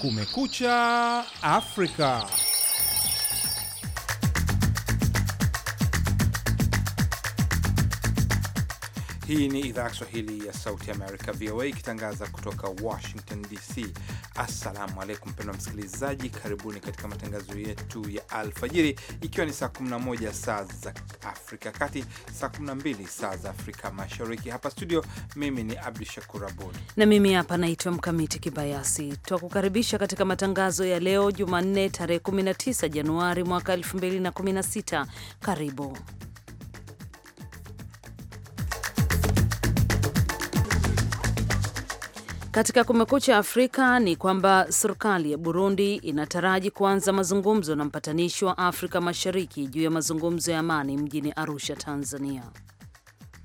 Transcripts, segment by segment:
Kumekucha Afrika. Hii ni idhaa ya Kiswahili ya Sauti Amerika, VOA, ikitangaza kutoka Washington DC. Assalamu alaikum mpendwa msikilizaji, karibuni katika matangazo yetu ya alfajiri, ikiwa ni saa 11 saa za Afrika kati, saa 12 saa za Afrika Mashariki. Hapa studio, mimi ni Abdu Shakur Abud na mimi hapa naitwa Mkamiti Kibayasi. Twakukaribisha katika matangazo ya leo Jumanne, tarehe 19 Januari mwaka 2016. Karibu Katika Kumekucha Afrika ni kwamba serikali ya Burundi inataraji kuanza mazungumzo na mpatanishi wa Afrika Mashariki juu ya mazungumzo ya amani mjini Arusha, Tanzania.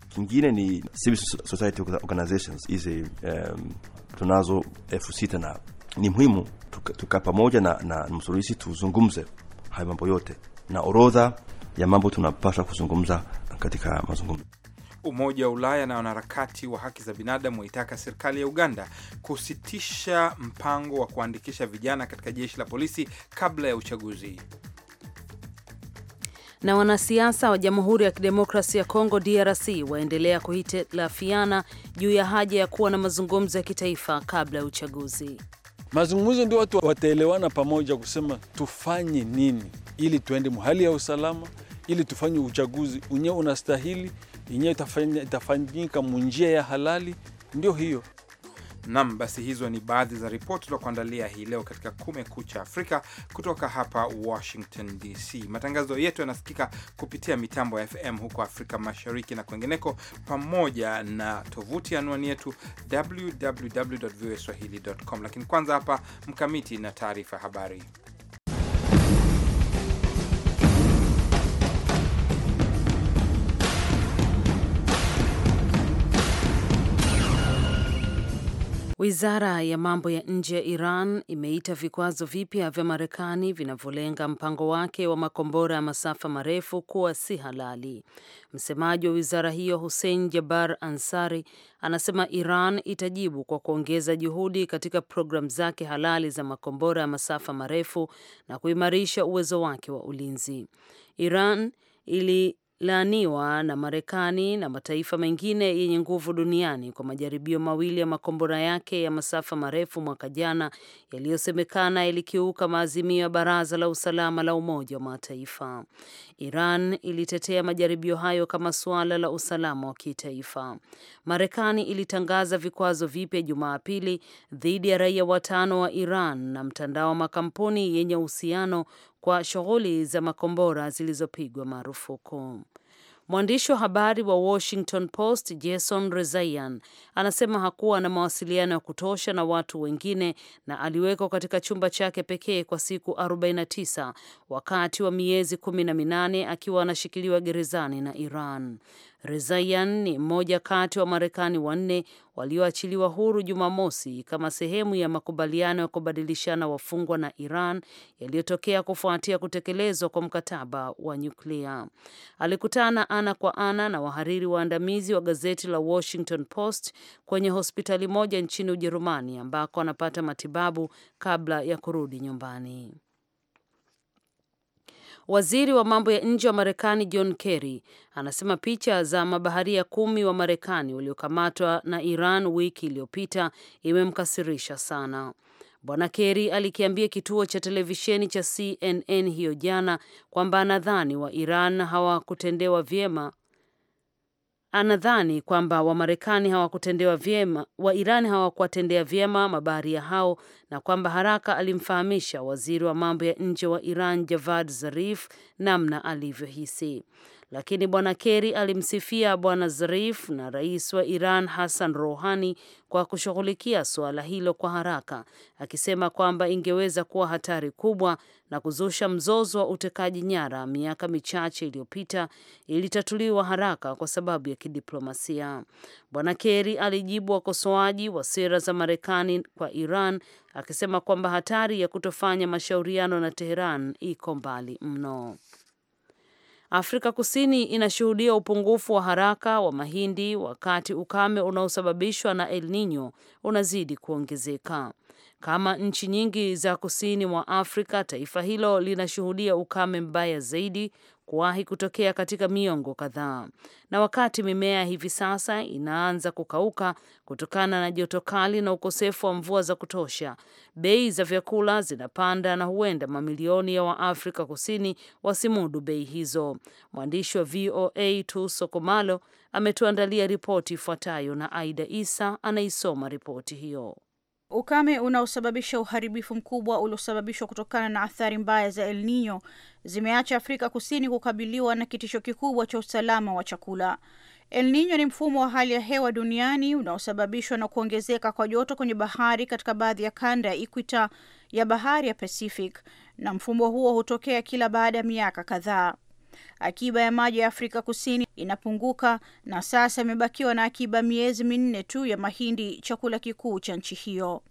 Kingine ni civil society organizations hizi, um, tunazo elfu sita na ni muhimu tuka, tuka pamoja na, na msuluhisi tuzungumze hayo mambo yote na orodha ya mambo tunapaswa kuzungumza katika mazungumzo. Umoja wa Ulaya na wanaharakati wa haki za binadamu waitaka serikali ya Uganda kusitisha mpango wa kuandikisha vijana katika jeshi la polisi kabla ya uchaguzi na wanasiasa wa Jamhuri ya Kidemokrasi ya Kongo DRC waendelea kuhitilafiana juu ya haja ya kuwa na mazungumzo ya kitaifa kabla ya uchaguzi. Mazungumzo ndio watu wataelewana pamoja kusema tufanye nini ili tuende mhali ya usalama, ili tufanye uchaguzi unyewe unastahili yenyewe itafanyika munjia ya halali, ndio hiyo. Nam, basi hizo ni baadhi za ripoti za kuandalia hii leo katika Kumekucha Afrika kutoka hapa Washington DC. Matangazo yetu yanasikika kupitia mitambo ya FM huko Afrika Mashariki na kwengineko, pamoja na tovuti anwani yetu www Lakini kwanza hapa Mkamiti na taarifa habari. Wizara ya mambo ya nje ya Iran imeita vikwazo vipya vya Marekani vinavyolenga mpango wake wa makombora ya masafa marefu kuwa si halali. Msemaji wa wizara hiyo Hussein Jabar Ansari anasema Iran itajibu kwa kuongeza juhudi katika programu zake halali za makombora ya masafa marefu na kuimarisha uwezo wake wa ulinzi. Iran ili laaniwa na Marekani na mataifa mengine yenye nguvu duniani kwa majaribio mawili ya makombora yake ya masafa marefu mwaka jana yaliyosemekana yalikiuka maazimio ya Baraza la Usalama la Umoja wa Mataifa. Iran ilitetea majaribio hayo kama suala la usalama wa kitaifa. Marekani ilitangaza vikwazo vipya Jumapili dhidi ya raia watano wa Iran na mtandao wa makampuni yenye uhusiano kwa shughuli za makombora zilizopigwa marufuku. Mwandishi wa habari wa Washington Post Jason Rezaian anasema hakuwa na mawasiliano ya kutosha na watu wengine na aliwekwa katika chumba chake pekee kwa siku 49 wakati wa miezi kumi na minane akiwa anashikiliwa gerezani na Iran. Rezaian ni mmoja kati wa Marekani wanne walioachiliwa huru Jumamosi kama sehemu ya makubaliano ya kubadilishana wafungwa na Iran yaliyotokea kufuatia kutekelezwa kwa mkataba wa nyuklia. Alikutana ana kwa ana na wahariri waandamizi wa gazeti la Washington Post kwenye hospitali moja nchini Ujerumani ambako anapata matibabu kabla ya kurudi nyumbani. Waziri wa mambo ya nje wa Marekani John Kerry anasema picha za mabaharia kumi wa Marekani waliokamatwa na Iran wiki iliyopita imemkasirisha sana. Bwana Kerry alikiambia kituo cha televisheni cha CNN hiyo jana kwamba anadhani wa Iran hawakutendewa vyema anadhani kwamba Wamarekani hawakutendewa vyema, Wairani hawakuwatendea vyema mabaharia hao, na kwamba haraka alimfahamisha waziri wa mambo ya nje wa Iran Javad Zarif namna alivyohisi lakini Bwana Kerry alimsifia Bwana Zarif na rais wa Iran Hassan Rouhani kwa kushughulikia suala hilo kwa haraka, akisema kwamba ingeweza kuwa hatari kubwa na kuzusha mzozo wa utekaji nyara miaka michache iliyopita, ilitatuliwa haraka kwa sababu ya kidiplomasia. Bwana Kerry alijibu wakosoaji wa sera za Marekani kwa Iran akisema kwamba hatari ya kutofanya mashauriano na Teheran iko mbali mno. Afrika Kusini inashuhudia upungufu wa haraka wa mahindi wakati ukame unaosababishwa na El Nino unazidi kuongezeka. Kama nchi nyingi za kusini mwa Afrika, taifa hilo linashuhudia ukame mbaya zaidi kuwahi kutokea katika miongo kadhaa. Na wakati mimea hivi sasa inaanza kukauka kutokana na joto kali na ukosefu wa mvua za kutosha, bei za vyakula zinapanda na huenda mamilioni ya Waafrika Kusini wasimudu bei hizo. Mwandishi wa VOA Tuso sokomalo ametuandalia ripoti ifuatayo na Aida Isa anaisoma ripoti hiyo. Ukame unaosababisha uharibifu mkubwa uliosababishwa kutokana na athari mbaya za El Nino zimeacha Afrika Kusini kukabiliwa na kitisho kikubwa cha usalama wa chakula. El Nino ni mfumo wa hali ya hewa duniani unaosababishwa na kuongezeka kwa joto kwenye bahari katika baadhi ya kanda ya ikwita ya bahari ya Pacific, na mfumo huo hutokea kila baada ya miaka kadhaa. Akiba ya maji ya Afrika Kusini inapunguka na sasa imebakiwa na akiba miezi minne tu ya mahindi, chakula kikuu cha nchi hiyo.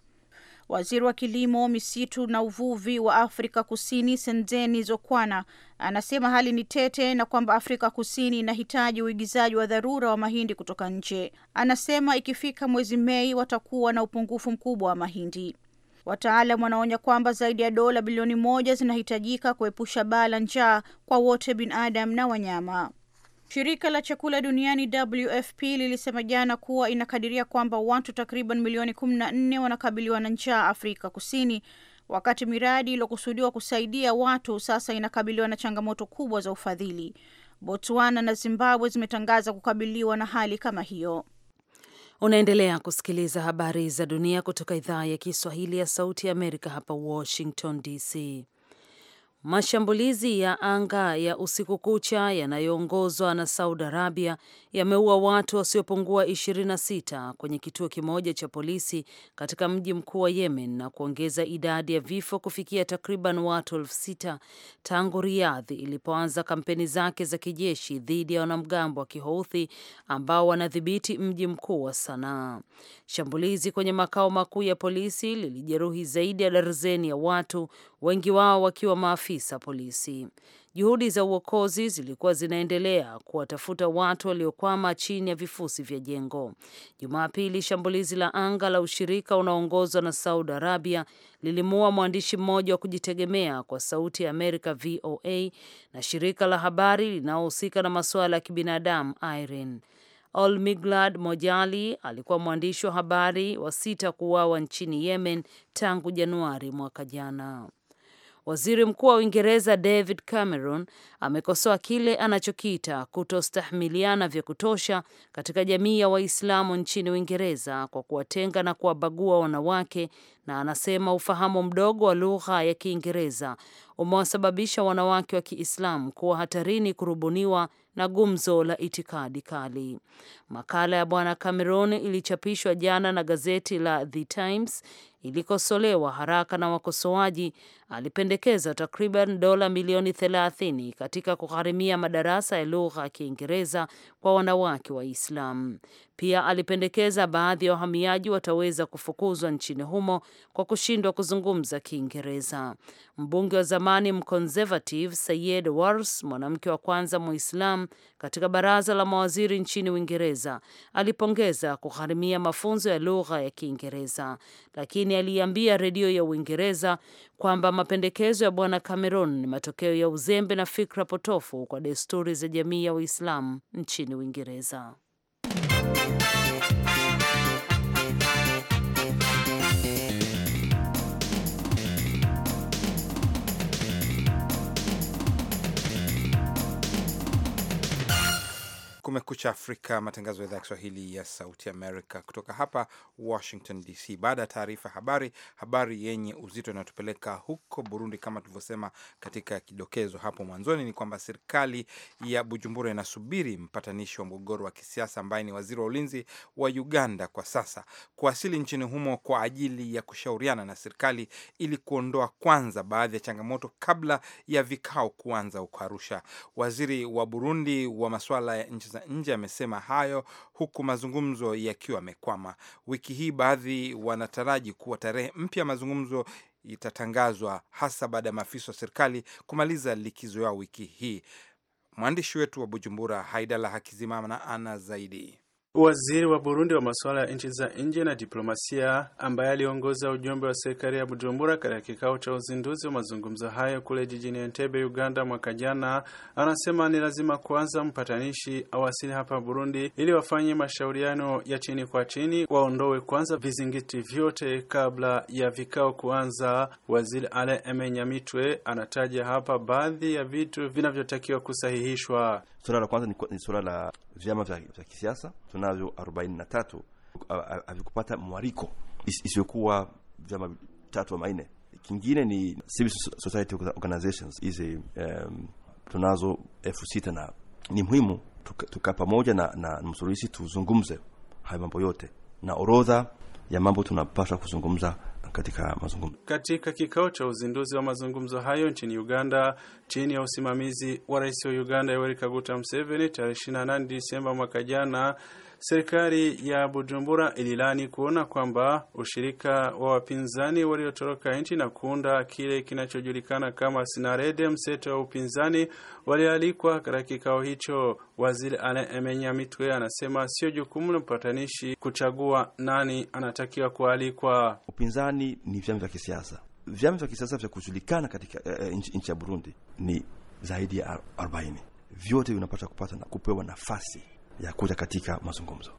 Waziri wa kilimo, misitu na uvuvi wa Afrika Kusini Senzeni Zokwana anasema hali ni tete na kwamba Afrika Kusini inahitaji uigizaji wa dharura wa mahindi kutoka nje. Anasema ikifika mwezi Mei watakuwa na upungufu mkubwa wa mahindi. Wataalam wanaonya kwamba zaidi ya dola bilioni moja zinahitajika kuepusha baa la njaa kwa wote, binadamu na wanyama. Shirika la chakula duniani WFP lilisema jana kuwa inakadiria kwamba watu takriban milioni 14 wanakabiliwa na njaa Afrika Kusini, wakati miradi iliyokusudiwa kusaidia watu sasa inakabiliwa na changamoto kubwa za ufadhili. Botswana na Zimbabwe zimetangaza kukabiliwa na hali kama hiyo. Unaendelea kusikiliza habari za dunia kutoka idhaa ya Kiswahili ya Sauti ya Amerika hapa Washington DC. Mashambulizi ya anga ya usiku kucha yanayoongozwa na Saudi Arabia yameua watu wasiopungua 26 kwenye kituo kimoja cha polisi katika mji mkuu wa Yemen na kuongeza idadi ya vifo kufikia takriban watu elfu sita tangu Riyadh ilipoanza kampeni zake za kijeshi dhidi ya wanamgambo wa Kihouthi ambao wanadhibiti mji mkuu wa Sanaa. Shambulizi kwenye makao makuu ya polisi lilijeruhi zaidi ya darzeni ya watu, wengi wao wakiwa maafisa maafisa polisi. Juhudi za uokozi zilikuwa zinaendelea kuwatafuta watu waliokwama chini ya vifusi vya jengo. Jumapili, shambulizi la anga la ushirika unaoongozwa na Saudi Arabia lilimuua mwandishi mmoja wa kujitegemea kwa Sauti ya Amerika VOA na shirika la habari linalohusika na masuala ya kibinadamu IRIN. miglad Mojali alikuwa mwandishi wa habari wa sita kuuawa nchini Yemen tangu Januari mwaka jana. Waziri Mkuu wa Uingereza David Cameron amekosoa kile anachokiita kutostahimiliana vya kutosha katika jamii ya Waislamu nchini Uingereza kwa kuwatenga na kuwabagua wanawake na anasema ufahamu mdogo wa lugha ya Kiingereza umewasababisha wanawake wa Kiislamu kuwa hatarini kurubuniwa na gumzo la itikadi kali. Makala ya Bwana Cameron ilichapishwa jana na gazeti la The Times, ilikosolewa haraka na wakosoaji. Alipendekeza takriban dola milioni 30 katika kugharimia madarasa ya lugha ya Kiingereza kwa wanawake Waislamu. Pia alipendekeza baadhi ya wahamiaji wataweza kufukuzwa nchini humo kwa kushindwa kuzungumza Kiingereza. Mbunge wa zamani mconservative Sayed Wars, mwanamke wa kwanza Muislam katika baraza la mawaziri nchini Uingereza, alipongeza kugharimia mafunzo ya lugha ya Kiingereza, lakini aliambia redio ya Uingereza kwamba mapendekezo ya Bwana Cameron ni matokeo ya uzembe na fikra potofu kwa desturi za jamii ya Waislamu nchini Uingereza. Thank you. Kumekucha Afrika, matangazo ya idhaa ya Kiswahili ya Sauti Amerika kutoka hapa Washington DC. Baada ya taarifa habari, habari yenye uzito inayotupeleka huko Burundi. Kama tulivyosema katika kidokezo hapo mwanzoni, ni kwamba serikali ya Bujumbura inasubiri mpatanishi wa mgogoro wa kisiasa ambaye ni waziri wa ulinzi wa Uganda kwa sasa kuwasili nchini humo kwa ajili ya kushauriana na serikali ili kuondoa kwanza baadhi ya changamoto kabla ya vikao kuanza huko Arusha. Waziri wa Burundi wa masuala ya nchi za za nje amesema hayo huku mazungumzo yakiwa yamekwama. Wiki hii baadhi wanataraji kuwa tarehe mpya mazungumzo itatangazwa hasa baada ya maafisa wa serikali kumaliza likizo yao wiki hii. Mwandishi wetu wa Bujumbura, Haidala Hakizimana, ana zaidi. Waziri wa Burundi wa masuala ya nchi za nje na diplomasia ambaye aliongoza ujumbe wa serikali ya Bujumbura katika kikao cha uzinduzi wa mazungumzo hayo kule jijini Entebbe, Uganda mwaka jana, anasema ni lazima kwanza mpatanishi awasili hapa Burundi ili wafanye mashauriano ya chini kwa chini, waondowe kwanza vizingiti vyote kabla ya vikao kuanza. Waziri Ale Nyamitwe anataja hapa baadhi ya vitu vinavyotakiwa kusahihishwa. Suala la kwanza ni, ni suala la vyama vya, vya kisiasa tunavyo arobaini na tatu havikupata mwariko isiyokuwa vyama tatu ama nne. Kingine ni civil society organizations hizi um, tunazo elfu sita na ni muhimu tukaa tuka pamoja na, na msuluhishi tuzungumze hayo mambo yote na orodha ya mambo tunapaswa kuzungumza katika mazungumzo. Katika kikao cha uzinduzi wa mazungumzo hayo nchini Uganda chini ya usimamizi wa rais wa Uganda Yoweri Kaguta Museveni tarehe 28 Disemba mwaka jana Serikali ya Bujumbura ililani kuona kwamba ushirika wa wapinzani waliotoroka nchi na kuunda kile kinachojulikana kama Sinarede, mseto wa upinzani, walialikwa katika kikao hicho. Waziri Alain Emenya Mitwe anasema sio jukumu la mpatanishi kuchagua nani anatakiwa kualikwa. Upinzani ni vyama vya kisiasa. Vyama vya kisiasa vya kujulikana katika uh, nchi ya Burundi ni zaidi ya arobaini, vyote vinapata kupata na kupewa nafasi ya kuja katika mazungumzo.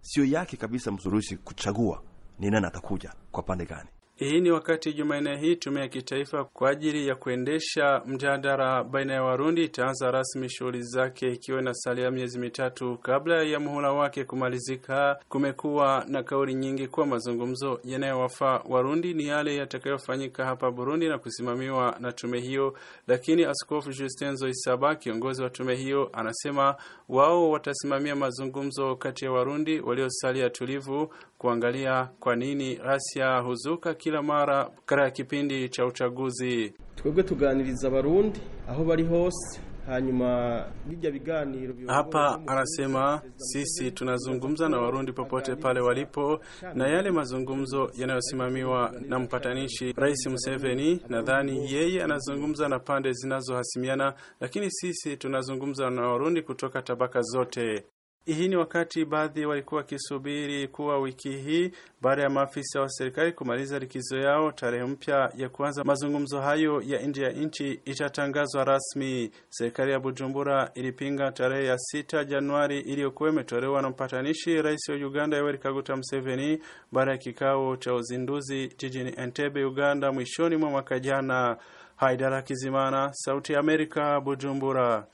Sio yake kabisa mzurusi kuchagua ni nani atakuja kwa pande gani. Hii ni wakati Jumanne hii tume ya kitaifa kwa ajili ya kuendesha mjadala baina ya Warundi itaanza rasmi shughuli zake ikiwa inasalia miezi mitatu kabla ya muhula wake kumalizika. Kumekuwa na kauli nyingi kuwa mazungumzo yanayowafaa Warundi ni yale yatakayofanyika hapa Burundi na kusimamiwa na tume hiyo, lakini Askofu Justin Zoisaba, kiongozi wa tume hiyo, anasema wao watasimamia mazungumzo kati ya Warundi waliosalia tulivu, kuangalia kwa nini ghasia huzuka kila mara katika kipindi cha uchaguzi. Twebwe tuganiriza abarundi aho bari hose hanyuma bijya biganiro hapa. Anasema sisi tunazungumza na Warundi popote pale walipo, na yale mazungumzo yanayosimamiwa na mpatanishi Rais Museveni, nadhani yeye anazungumza na pande zinazohasimiana, lakini sisi tunazungumza na Warundi kutoka tabaka zote. Hii ni wakati baadhi walikuwa wakisubiri kuwa wiki hii baada ya maafisa wa serikali kumaliza likizo yao, tarehe mpya ya kuanza mazungumzo hayo ya nje ya nchi itatangazwa rasmi. Serikali ya Bujumbura ilipinga tarehe ya sita Januari iliyokuwa imetolewa na mpatanishi rais wa Uganda Yoweri Kaguta Museveni baada ya kikao cha uzinduzi jijini Entebbe, Uganda mwishoni mwa mwaka jana. Haidara Kizimana, Sauti ya Amerika, Bujumbura.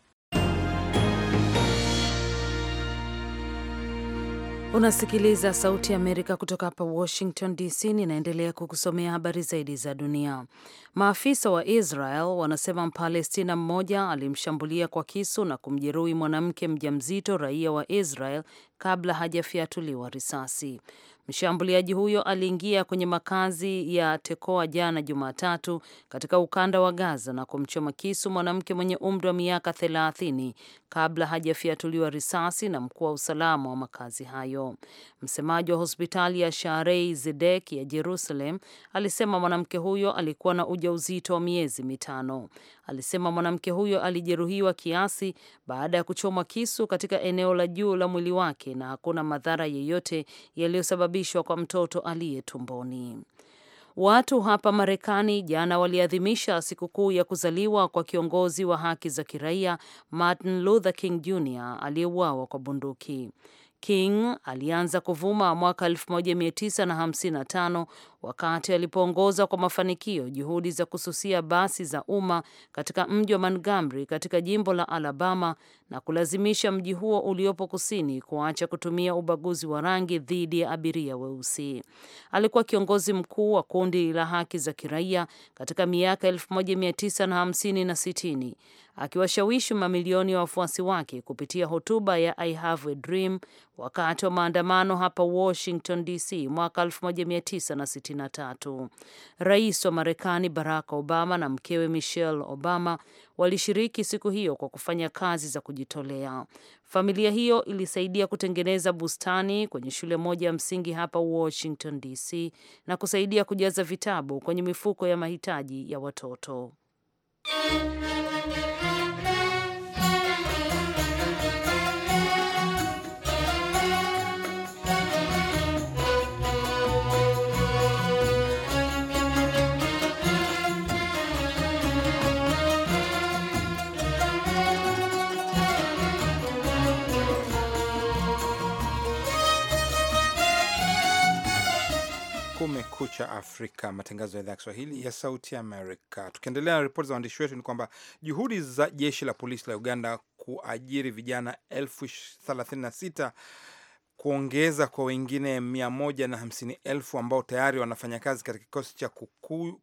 Unasikiliza Sauti ya Amerika kutoka hapa Washington DC. Ninaendelea kukusomea habari zaidi za dunia. Maafisa wa Israel wanasema Mpalestina mmoja alimshambulia kwa kisu na kumjeruhi mwanamke mjamzito raia wa Israel kabla hajafyatuliwa risasi. Mshambuliaji huyo aliingia kwenye makazi ya Tekoa jana Jumatatu katika ukanda wa Gaza na kumchoma kisu mwanamke mwenye umri wa miaka thelathini kabla hajafiatuliwa risasi na mkuu wa usalama wa makazi hayo. Msemaji wa hospitali ya Sharei Zedek ya Jerusalem alisema mwanamke huyo alikuwa na ujauzito wa miezi mitano alisema mwanamke huyo alijeruhiwa kiasi baada ya kuchomwa kisu katika eneo la juu la mwili wake na hakuna madhara yeyote yaliyosababishwa kwa mtoto aliye tumboni. Watu hapa Marekani jana waliadhimisha sikukuu ya kuzaliwa kwa kiongozi wa haki za kiraia Martin Luther King Jr aliyeuawa kwa bunduki. King alianza kuvuma mwaka 1955 wakati alipoongoza kwa mafanikio juhudi za kususia basi za umma katika mji wa Montgomery katika jimbo la Alabama na kulazimisha mji huo uliopo kusini kuacha kutumia ubaguzi wa rangi dhidi ya abiria weusi. Alikuwa kiongozi mkuu wa kundi la haki za kiraia katika miaka 1950 na 60 akiwashawishi mamilioni ya wa wafuasi wake kupitia hotuba ya I have a dream wakati wa maandamano hapa Washington DC mwaka 1960. 2023. Rais wa Marekani Barack Obama na mkewe Michelle Obama walishiriki siku hiyo kwa kufanya kazi za kujitolea. Familia hiyo ilisaidia kutengeneza bustani kwenye shule moja ya msingi hapa Washington DC na kusaidia kujaza vitabu kwenye mifuko ya mahitaji ya watoto. Kumekucha Afrika, matangazo ya idhaa ya Kiswahili ya Sauti Amerika. Tukiendelea na ripoti za waandishi wetu, ni kwamba juhudi za jeshi la polisi la Uganda kuajiri vijana elfu thelathini na sita kuongeza kwa wengine 150,000 ambao tayari wanafanya kazi katika kikosi cha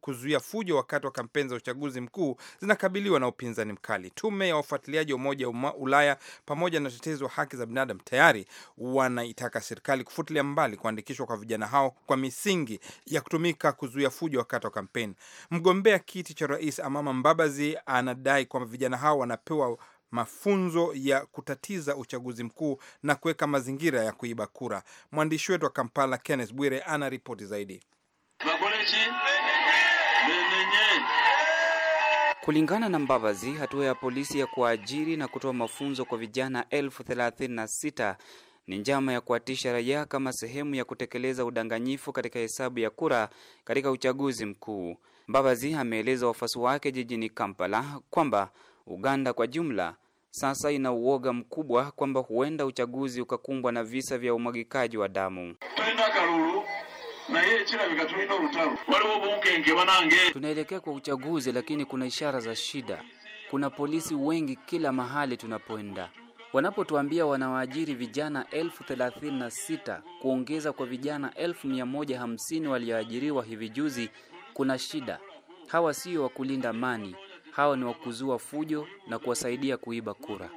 kuzuia fujo wakati wa kampeni za uchaguzi mkuu zinakabiliwa na upinzani mkali. Tume ya wafuatiliaji wa Umoja wa Ulaya pamoja na tetezi wa haki za binadamu tayari wanaitaka serikali kufutilia mbali kuandikishwa kwa vijana hao kwa misingi ya kutumika kuzuia fujo wakati wa kampeni. Mgombea kiti cha rais Amama Mbabazi anadai kwamba vijana hao wanapewa mafunzo ya kutatiza uchaguzi mkuu na kuweka mazingira ya kuiba kura. Mwandishi wetu wa Kampala, Kenneth Bwire, ana ripoti zaidi. Kulingana na mbavazi hatua ya polisi ya kuajiri na kutoa mafunzo kwa vijana elfu thelathini na sita ni njama ya kuatisha raia kama sehemu ya kutekeleza udanganyifu katika hesabu ya kura katika uchaguzi mkuu. mbavazi ameeleza wafuasi wake jijini Kampala kwamba Uganda kwa jumla sasa ina uoga mkubwa kwamba huenda uchaguzi ukakumbwa na visa vya umwagikaji wa damu. Tunaelekea kwa uchaguzi, lakini kuna ishara za shida. Kuna polisi wengi kila mahali tunapoenda. Wanapotuambia wanawaajiri vijana elfu thelathini na sita kuongeza kwa vijana elfu mia moja hamsini walioajiriwa hivi juzi, kuna shida. Hawa sio wa kulinda amani, hawa ni wa kuzua fujo na kuwasaidia kuiba kura.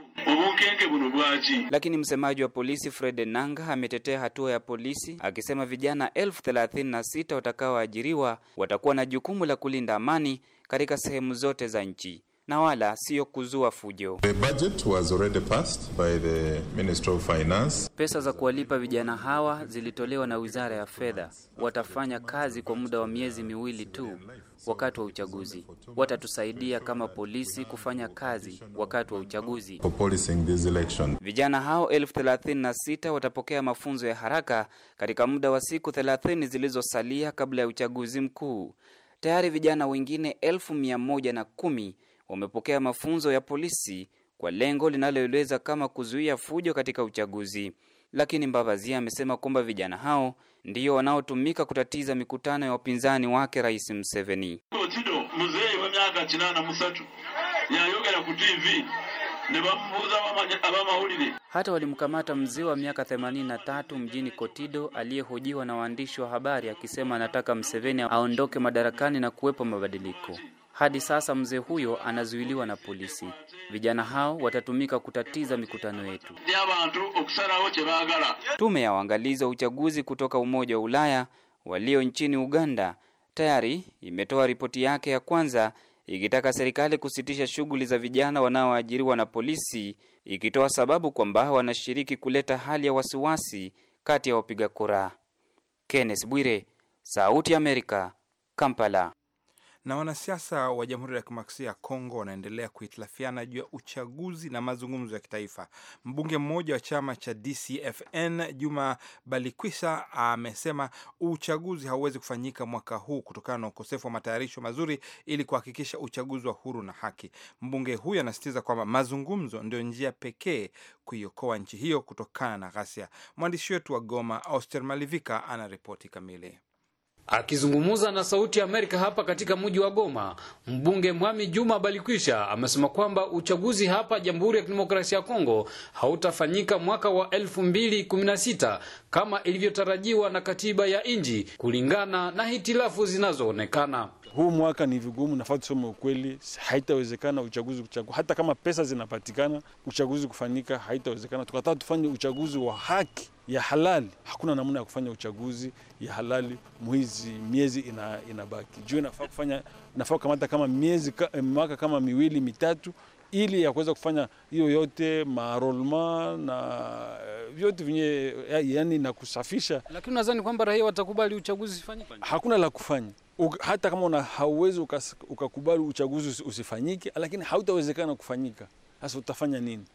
Lakini msemaji wa polisi Fred nanga ametetea hatua ya polisi akisema vijana elfu thelathini na sita watakaoajiriwa watakuwa na jukumu la kulinda amani katika sehemu zote za nchi na wala siyo kuzua fujo. The budget was already passed by the Minister of Finance. Pesa za kuwalipa vijana hawa zilitolewa na Wizara ya Fedha. Watafanya kazi kwa muda wa miezi miwili tu wakati wa uchaguzi. Watatusaidia kama polisi kufanya kazi wakati wa uchaguzi. For policing this election. Vijana hao elfu thelathini na sita watapokea mafunzo ya haraka katika muda wa siku 30 zilizosalia kabla ya uchaguzi mkuu. Tayari vijana wengine elfu mia moja na kumi wamepokea mafunzo ya polisi kwa lengo linaloeleza kama kuzuia fujo katika uchaguzi. Lakini Mbavazia amesema kwamba vijana hao ndio wanaotumika kutatiza mikutano ya wapinzani wake Rais Museveni. muzei wa chinana musatu yayogera ku TV hata walimkamata mzee wa miaka 83 mjini Kotido aliyehojiwa na waandishi wa habari akisema anataka Mseveni aondoke madarakani na kuwepo mabadiliko. Hadi sasa mzee huyo anazuiliwa na polisi. Vijana hao watatumika kutatiza mikutano yetu. Tume ya uangalizi wa uchaguzi kutoka Umoja wa Ulaya walio nchini Uganda tayari imetoa ripoti yake ya kwanza ikitaka serikali kusitisha shughuli za vijana wanaoajiriwa na polisi, ikitoa sababu kwamba wanashiriki kuleta hali ya wasiwasi kati ya wapiga kura. Kenneth Bwire, Sauti ya Amerika, Kampala. Na wanasiasa wa Jamhuri ya Kidemokrasia ya Kongo wanaendelea kuhitilafiana juu ya uchaguzi na mazungumzo ya kitaifa. Mbunge mmoja wa chama cha DCFN Juma Balikwisa amesema uchaguzi hauwezi kufanyika mwaka huu kutokana na ukosefu wa matayarisho mazuri ili kuhakikisha uchaguzi wa huru na haki. Mbunge huyo anasisitiza kwamba mazungumzo ndio njia pekee kuiokoa nchi hiyo kutokana na ghasia. Mwandishi wetu wa Goma, Auster Malivika, ana ripoti kamili. Akizungumza na Sauti ya Amerika hapa katika mji wa Goma, mbunge Mwami Juma Balikwisha amesema kwamba uchaguzi hapa Jamhuri ya Kidemokrasia ya Kongo hautafanyika mwaka wa 2016 kama ilivyotarajiwa na katiba ya nchi kulingana na hitilafu zinazoonekana. Huu mwaka ni vigumu, nafaa tusome ukweli, haitawezekana uchaguzi kuchagua. Hata kama pesa zinapatikana, uchaguzi kufanyika haitawezekana. Tukataa tufanye uchaguzi wa haki ya halali, hakuna namna ya kufanya uchaguzi ya halali mwizi miezi ina, inabaki juu nafaa kufanya nafaa kamata kama miezi eh, mwaka kama miwili mitatu, ili ya kuweza kufanya hiyo yote marolma na eh, vyote vinye yani na kusafisha. Lakini nadhani kwamba raia watakubali uchaguzi ufanyike, hakuna la kufanya hata kama una hauwezi ukakubali uchaguzi usifanyike, lakini hautawezekana kufanyika. Sasa utafanya nini?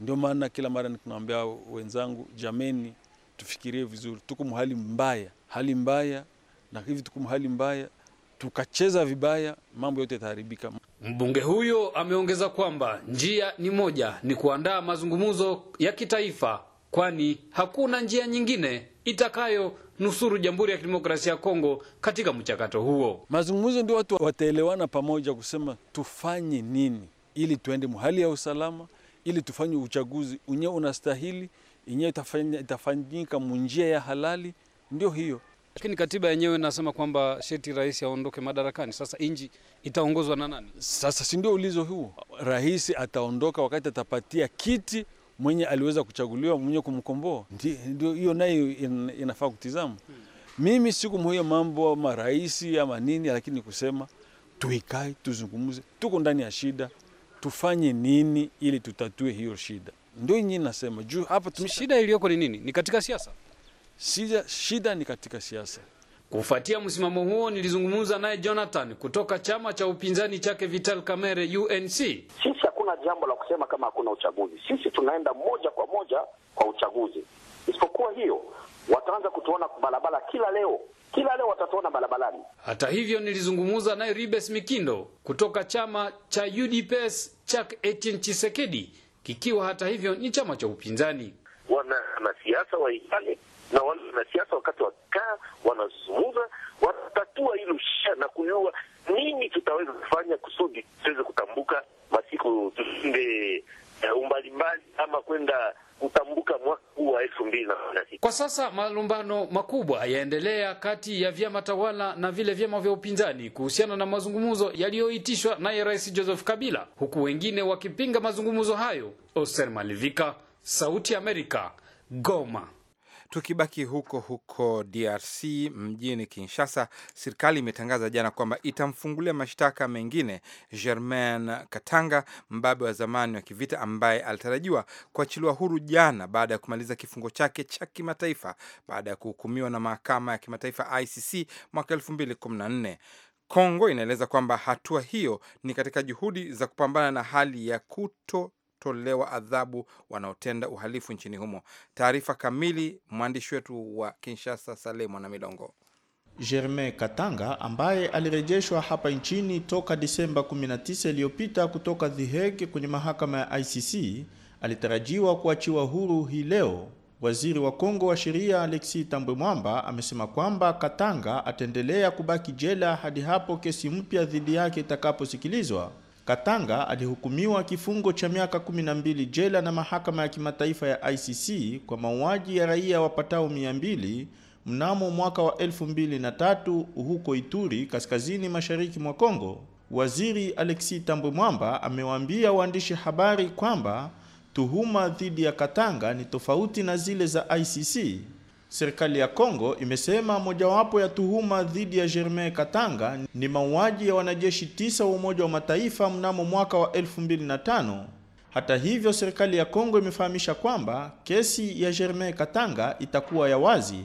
Ndio maana kila mara nikunaambia wenzangu, jameni, tufikirie vizuri, tuko mhali mbaya, hali mbaya na hivi tuko mhali mbaya, tukacheza vibaya, mambo yote yataharibika. Mbunge huyo ameongeza kwamba njia ni moja, ni kuandaa mazungumzo ya kitaifa, kwani hakuna njia nyingine itakayo nusuru Jamhuri ya Kidemokrasia ya Kongo katika mchakato huo. Mazungumzo ndio watu wataelewana pamoja, kusema tufanye nini ili tuende mhali ya usalama ili tufanye uchaguzi unyewe unastahili, yenyewe itafanyika munjia ya halali, ndio hiyo. Lakini katiba yenyewe inasema kwamba sheti rais aondoke madarakani. Sasa inji itaongozwa na nani? Sasa si ndio ulizo huo? Rais ataondoka wakati atapatia kiti mwenye aliweza kuchaguliwa mwenye kumkomboa, ndio hiyo nayo inafaa kutizama hmm. Mimi sikumhuya mambo ama rais ama nini, lakini kusema tuikae, tuzungumze, tuko ndani ya shida tufanye nini ili tutatue hiyo shida? Ndio nyinyi nasema juu hapa shida, shida iliyoko ni nini? Ni katika siasa. Shida, shida ni katika siasa. Kufuatia msimamo huo, nilizungumza naye Jonathan kutoka chama cha upinzani chake Vital Kamerhe UNC. Sisi hakuna jambo la kusema kama hakuna uchaguzi, sisi tunaenda moja kwa moja kwa uchaguzi, isipokuwa hiyo wataanza kutuona barabara kila leo kila leo watatuona barabarani. Hata hivyo, nilizungumza naye Ribes Mikindo kutoka chama cha UDPS cha Etienne Chisekedi, kikiwa hata hivyo ni chama cha upinzani. Wanasiasa waikale na wanasiasa wakati wakaa wanazungumza, watatua hilo sha na kujua nini tutaweza kufanya kusudi tuweze kutambuka masiku tusinde eh, umbalimbali ama kwenda kwa sasa malumbano makubwa yaendelea kati ya vyama tawala na vile vyama vya upinzani kuhusiana na mazungumzo yaliyoitishwa naye Rais Joseph Kabila, huku wengine wakipinga mazungumzo hayo. Oster Malivika, Sauti ya Amerika, Goma. Tukibaki huko huko DRC mjini Kinshasa, serikali imetangaza jana kwamba itamfungulia mashtaka mengine Germain Katanga, mbabe wa zamani wa kivita ambaye alitarajiwa kuachiliwa huru jana baada ya kumaliza kifungo chake cha kimataifa baada ya kuhukumiwa na mahakama ya kimataifa ICC mwaka 2014. Kongo inaeleza kwamba hatua hiyo ni katika juhudi za kupambana na hali ya kuto kutolewa adhabu wanaotenda uhalifu nchini humo. Taarifa kamili mwandishi wetu wa Kinshasa, Saleh Mwanamilongo. Germain Katanga ambaye alirejeshwa hapa nchini toka Disemba 19 iliyopita kutoka The Hague kwenye mahakama ya ICC alitarajiwa kuachiwa huru hii leo. Waziri wa Kongo wa sheria Alexi Tambwe Mwamba amesema kwamba Katanga ataendelea kubaki jela hadi hapo kesi mpya dhidi yake itakaposikilizwa. Katanga alihukumiwa kifungo cha miaka 12 jela na mahakama ya kimataifa ya ICC kwa mauaji ya raia wapatao 200 mnamo mwaka wa 2003 huko Ituri kaskazini mashariki mwa Kongo. Waziri Alexis Tambwe Mwamba amewaambia waandishi habari kwamba tuhuma dhidi ya Katanga ni tofauti na zile za ICC. Serikali ya Kongo imesema mojawapo ya tuhuma dhidi ya Germain Katanga ni mauaji ya wanajeshi tisa wa Umoja wa Mataifa mnamo mwaka wa 2005. Hata hivyo, serikali ya Kongo imefahamisha kwamba kesi ya Germain Katanga itakuwa ya wazi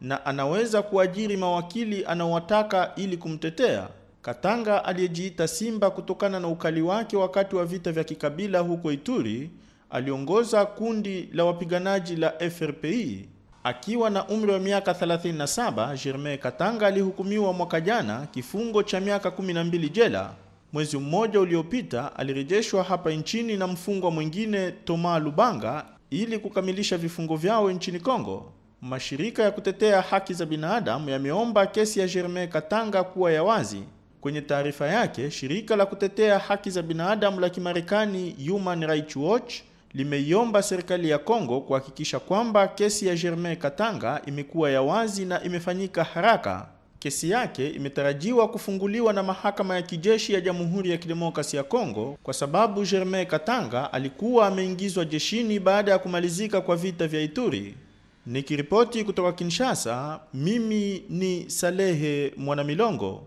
na anaweza kuajiri mawakili anaowataka ili kumtetea. Katanga aliyejiita Simba kutokana na ukali wake wakati wa vita vya kikabila huko Ituri, aliongoza kundi la wapiganaji la FRPI Akiwa na umri wa miaka 37, Germain Katanga alihukumiwa mwaka jana kifungo cha miaka 12 jela. Mwezi mmoja uliopita alirejeshwa hapa nchini na mfungwa mwingine Toma Lubanga ili kukamilisha vifungo vyao nchini Kongo. Mashirika ya kutetea haki za binadamu yameomba kesi ya Germain Katanga kuwa ya wazi. Kwenye taarifa yake, shirika la kutetea haki za binadamu la Kimarekani Human Rights Watch limeiomba serikali ya Kongo kuhakikisha kwamba kesi ya Germain Katanga imekuwa ya wazi na imefanyika haraka. Kesi yake imetarajiwa kufunguliwa na mahakama ya kijeshi ya Jamhuri ya Kidemokrasia ya Kongo kwa sababu Germain Katanga alikuwa ameingizwa jeshini baada ya kumalizika kwa vita vya Ituri. Nikiripoti kutoka Kinshasa, mimi ni Salehe Mwanamilongo.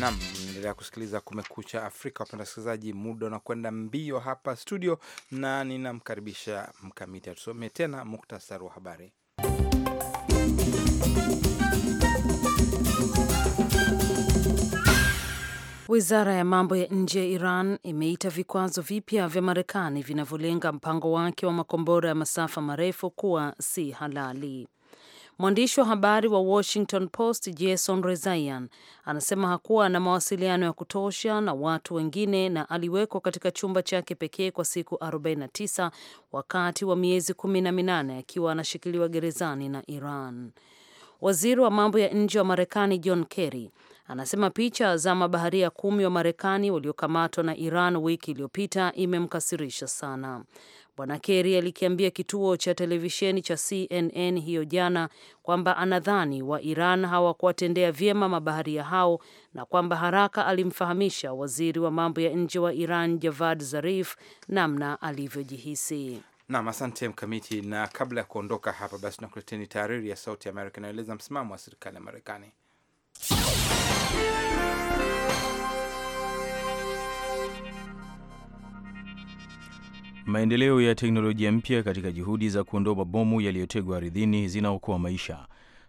Nam endelea kusikiliza Kumekucha Afrika, wapenda wasikilizaji, muda unakwenda mbio hapa studio, na ninamkaribisha Mkamiti atusomee tena muktasari wa habari. Wizara ya mambo ya nje ya Iran imeita vikwazo vipya vya Marekani vinavyolenga mpango wake wa makombora ya masafa marefu kuwa si halali. Mwandishi wa habari wa Washington Post Jason Rezaian anasema hakuwa na mawasiliano ya kutosha na watu wengine na aliwekwa katika chumba chake pekee kwa siku 49 wakati wa miezi kumi na minane akiwa anashikiliwa gerezani na Iran. Waziri wa mambo ya nje wa Marekani John Kerry anasema picha za mabaharia kumi wa Marekani waliokamatwa na Iran wiki iliyopita imemkasirisha sana. Bwana Kerry alikiambia kituo cha televisheni cha CNN hiyo jana kwamba anadhani wa Iran hawakuwatendea vyema mabaharia hao na kwamba haraka alimfahamisha waziri wa mambo ya nje wa Iran Javad Zarif namna alivyojihisi. Nam, asante Mkamiti. Na kabla ya kuondoka hapa, basi nakuleteni taariri ya Sauti ya Amerika inayoeleza msimamo wa serikali ya Marekani. Maendeleo ya teknolojia mpya katika juhudi za kuondoa mabomu yaliyotegwa ardhini zinaokoa maisha.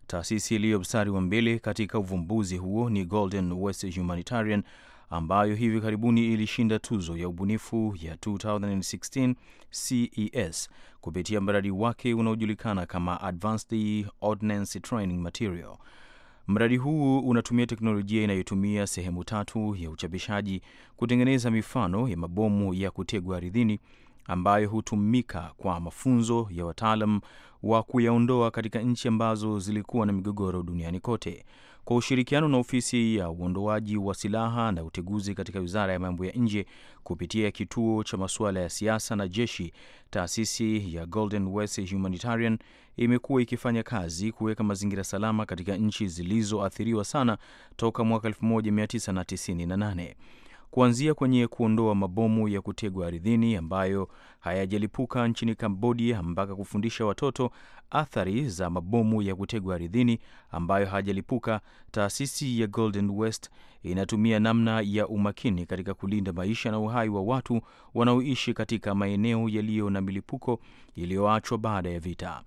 Taasisi iliyo mstari wa mbele katika uvumbuzi huo ni Golden West Humanitarian ambayo hivi karibuni ilishinda tuzo ya ubunifu ya 2016 CES kupitia mradi wake unaojulikana kama Advanced Ordnance Training Material. Mradi huu unatumia teknolojia inayotumia sehemu tatu ya uchapishaji kutengeneza mifano ya mabomu ya kutegwa ardhini ambayo hutumika kwa mafunzo ya wataalam wa kuyaondoa katika nchi ambazo zilikuwa na migogoro duniani kote kwa ushirikiano na ofisi ya uondoaji wa silaha na uteguzi katika Wizara ya Mambo ya Nje kupitia kituo cha masuala ya siasa na jeshi. Taasisi ya Golden West Humanitarian imekuwa ikifanya kazi kuweka mazingira salama katika nchi zilizoathiriwa sana toka mwaka 1998 kuanzia kwenye kuondoa mabomu ya kutegwa ardhini ambayo hayajalipuka nchini Kambodia mpaka kufundisha watoto athari za mabomu ya kutegwa ardhini ambayo hayajalipuka. Taasisi ya Golden West inatumia namna ya umakini katika kulinda maisha na uhai wa watu wanaoishi katika maeneo yaliyo na milipuko iliyoachwa baada ya vita.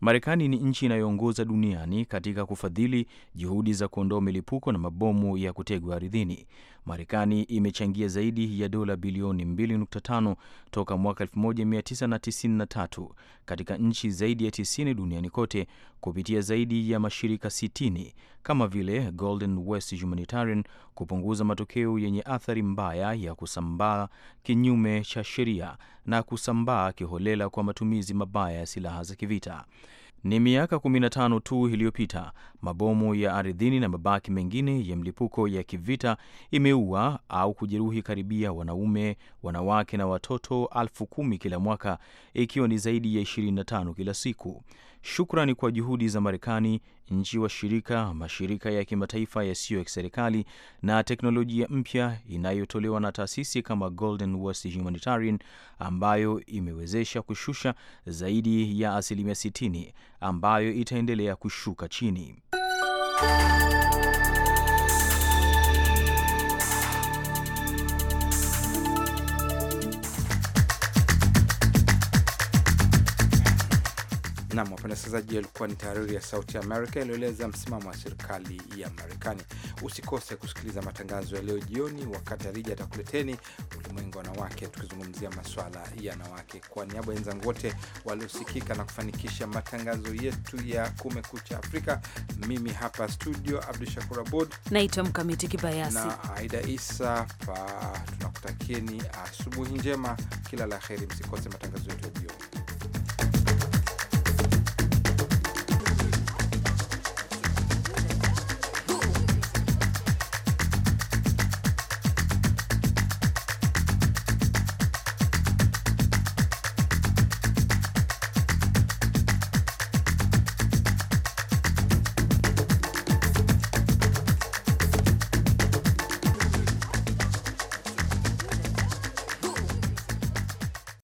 Marekani ni nchi inayoongoza duniani katika kufadhili juhudi za kuondoa milipuko na mabomu ya kutegwa ardhini. Marekani imechangia zaidi ya dola bilioni 2.5 toka mwaka 1993 katika nchi zaidi ya 90 duniani kote kupitia zaidi ya mashirika 60 kama vile Golden West Humanitarian kupunguza matokeo yenye athari mbaya ya kusambaa kinyume cha sheria na kusambaa kiholela kwa matumizi mabaya ya silaha za kivita. Ni miaka 15 tu iliyopita mabomu ya ardhini na mabaki mengine ya mlipuko ya kivita imeua au kujeruhi karibia wanaume, wanawake na watoto elfu kumi kila mwaka, ikiwa ni zaidi ya 25 kila siku shukrani kwa juhudi za Marekani, nchi washirika, mashirika ya kimataifa yasiyo ya kiserikali na teknolojia mpya inayotolewa na taasisi kama Golden West Humanitarian ambayo imewezesha kushusha zaidi ya asilimia 60 ambayo itaendelea kushuka chini Nam wapenda alikuwa ni tahariri ya Sauti Amerika iliyoeleza msimamo wa serikali ya Marekani. Usikose kusikiliza matangazo ya leo jioni, wakati Arija atakuleteni ulimwengu wanawake, tukizungumzia maswala ya wanawake. Kwa niaba ya wenzangu wote waliosikika na kufanikisha matangazo yetu ya Kumekucha Afrika, mimi hapa studio Abdu Shakur Abud naitwa Mkamiti Kibayasi na Aida Isa pa, tunakutakieni asubuhi njema, kila la heri, msikose matangazo yetu ya jioni.